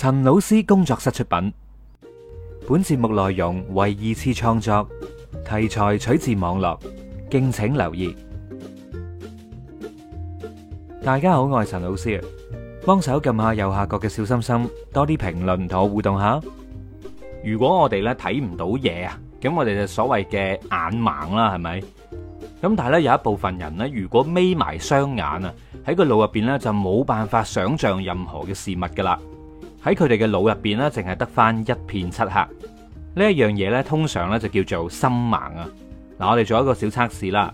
陳老師工作室出品，本節目內容為二次創作，題材取自網絡，敬請留意。大家好，我係陳老師，幫手撳下右下角嘅小心心，多啲評論同我互動下。如果我哋呢睇唔到嘢啊，咁我哋就所謂嘅眼盲啦，係咪？咁但係咧有一部分人呢，如果眯埋雙眼啊，喺個腦入邊呢就冇辦法想象任何嘅事物噶啦。喺佢哋嘅腦入邊咧，淨係得翻一片漆黑。呢一樣嘢咧，通常咧就叫做心盲啊！嗱，我哋做一個小測試啦。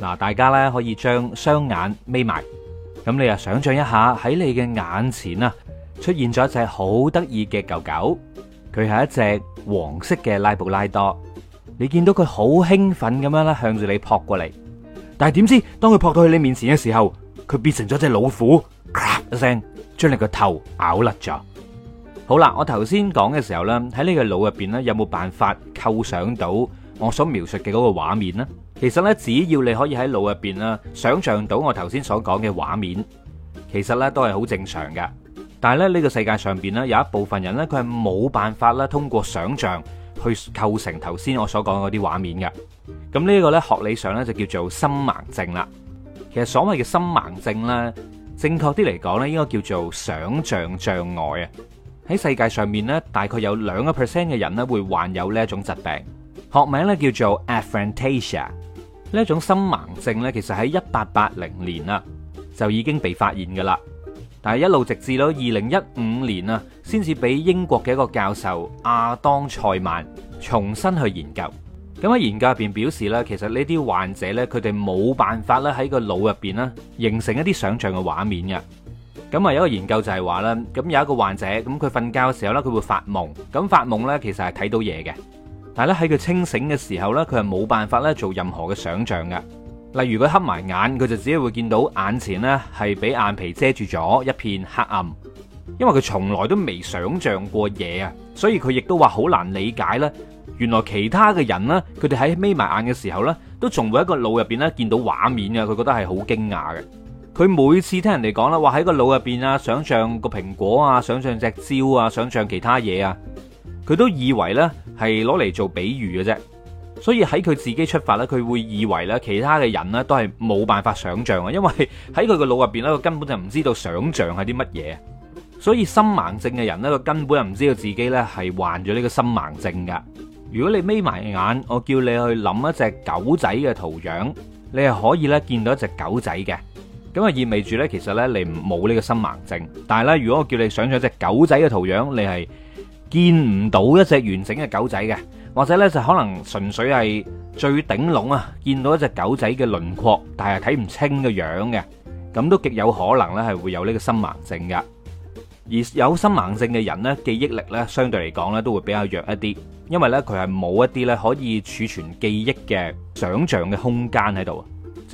嗱，大家咧可以將雙眼眯埋，咁你又想象一下喺你嘅眼前啊，出現咗一隻好得意嘅狗狗，佢係一隻黃色嘅拉布拉多。你見到佢好興奮咁樣啦，向住你撲過嚟。但係點知，當佢撲到去你面前嘅時候，佢變成咗隻老虎，咔、呃、一聲將你個頭咬甩咗。好啦，我頭先講嘅時候呢，喺呢個腦入邊呢，有冇辦法構想到我所描述嘅嗰個畫面呢？其實呢，只要你可以喺腦入邊啦，想象到我頭先所講嘅畫面，其實呢都係好正常嘅。但係咧，呢個世界上邊呢，有一部分人呢，佢係冇辦法啦，通過想象去構成頭先我所講嗰啲畫面嘅。咁、這、呢個呢，學理上呢，就叫做心盲症啦。其實所謂嘅心盲症呢，正確啲嚟講呢，應該叫做想象障礙啊。喺世界上面咧，大概有兩個 percent 嘅人咧，會患有呢一種疾病，學名咧叫做 aphantasia，呢一種心盲症咧，其實喺一八八零年啊就已經被發現噶啦，但係一路直,直至到二零一五年啊，先至俾英國嘅一個教授阿當塞曼重新去研究，咁喺研究入邊表示啦，其實呢啲患者咧，佢哋冇辦法咧喺個腦入邊啦，形成一啲想象嘅畫面嘅。咁啊，有一個研究就係話啦，咁有一個患者，咁佢瞓覺嘅時候呢，佢會發夢，咁發夢呢，其實係睇到嘢嘅，但係咧喺佢清醒嘅時候呢，佢係冇辦法呢，做任何嘅想象嘅。例如佢黑埋眼，佢就只係會見到眼前呢，係俾眼皮遮住咗一片黑暗，因為佢從來都未想象過嘢啊，所以佢亦都話好難理解咧，原來其他嘅人呢，佢哋喺眯埋眼嘅時候呢，都仲會喺個腦入邊呢，見到畫面啊，佢覺得係好驚訝嘅。佢每次聽人哋講啦，話喺個腦入邊啊，想象個蘋果啊，想象隻蕉啊，想象其他嘢啊，佢都以為呢係攞嚟做比喻嘅啫。所以喺佢自己出發呢，佢會以為呢其他嘅人呢都係冇辦法想象啊，因為喺佢個腦入邊呢，佢根本就唔知道想象係啲乜嘢。所以心盲症嘅人呢，佢根本就唔知道自己呢係患咗呢個心盲症噶。如果你眯埋眼，我叫你去諗一隻狗仔嘅圖樣，你係可以呢見到一隻狗仔嘅。咁啊意味住呢，其實呢你冇呢個心盲症。但係呢，如果我叫你想象一隻狗仔嘅圖樣，你係見唔到一隻完整嘅狗仔嘅，或者呢就可能純粹係最頂籠啊，見到一隻狗仔嘅輪廓，但係睇唔清嘅樣嘅，咁都極有可能呢係會有呢個心盲症㗎。而有心盲症嘅人呢，記憶力呢相對嚟講呢都會比較弱一啲，因為呢佢係冇一啲呢可以儲存記憶嘅想像嘅空間喺度。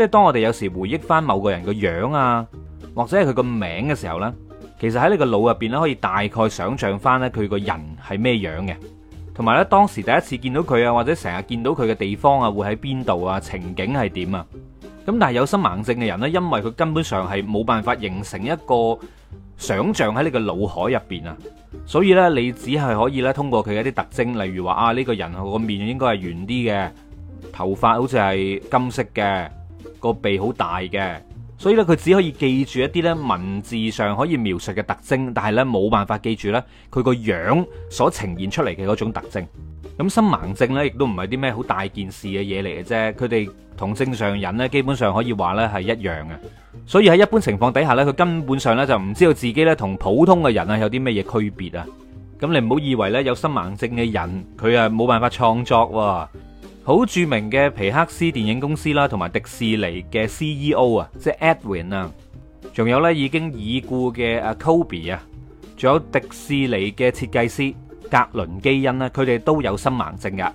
即係當我哋有時回憶翻某個人個樣啊，或者係佢個名嘅時候呢，其實喺你個腦入邊咧可以大概想象翻咧佢個人係咩樣嘅，同埋呢，當時第一次見到佢啊，或者成日見到佢嘅地方啊，會喺邊度啊，情景係點啊？咁但係有心盲症嘅人呢，因為佢根本上係冇辦法形成一個想像喺你個腦海入邊啊，所以呢，你只係可以咧通過佢嘅啲特徵，例如話啊，呢個人個面應該係圓啲嘅，頭髮好似係金色嘅。個鼻好大嘅，所以咧佢只可以記住一啲咧文字上可以描述嘅特徵，但係咧冇辦法記住咧佢個樣所呈現出嚟嘅嗰種特徵。咁心盲症咧亦都唔係啲咩好大件事嘅嘢嚟嘅啫，佢哋同正常人咧基本上可以話咧係一樣嘅。所以喺一般情況底下咧，佢根本上咧就唔知道自己咧同普通嘅人啊有啲咩嘢區別啊。咁你唔好以為咧有心盲症嘅人佢啊冇辦法創作喎。好著名嘅皮克斯電影公司啦，同埋迪士尼嘅 CEO 啊，即係 Edwin 啊，仲有呢已經已故嘅阿 Kobe 啊，仲有迪士尼嘅設計師格倫基恩咧，佢哋都有心盲症㗎。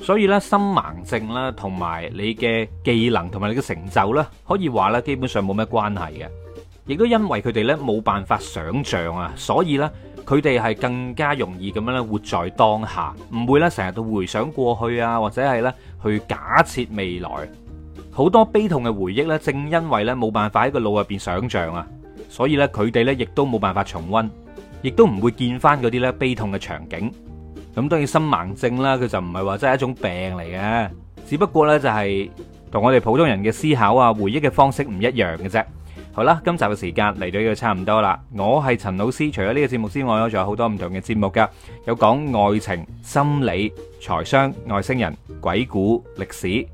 所以呢，心盲症啦，同埋你嘅技能同埋你嘅成就咧，可以話呢基本上冇咩關係嘅。亦都因為佢哋呢冇辦法想像啊，所以呢。佢哋係更加容易咁樣咧活在當下，唔會咧成日都回想過去啊，或者係咧去假設未來。好多悲痛嘅回憶咧，正因為咧冇辦法喺個腦入邊想象啊，所以咧佢哋咧亦都冇辦法重温，亦都唔會見翻嗰啲咧悲痛嘅場景。咁當然，心盲症啦，佢就唔係話真係一種病嚟嘅，只不過咧就係同我哋普通人嘅思考啊、回憶嘅方式唔一樣嘅啫。好啦，今集嘅時間嚟到呢度差唔多啦。我係陳老師，除咗呢個節目之外，我仲有好多唔同嘅節目噶，有講愛情、心理、財商、外星人、鬼故、歷史，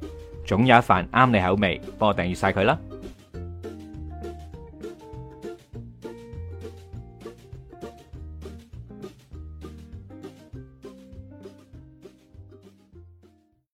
總有一份啱你口味。幫我訂閱晒佢啦！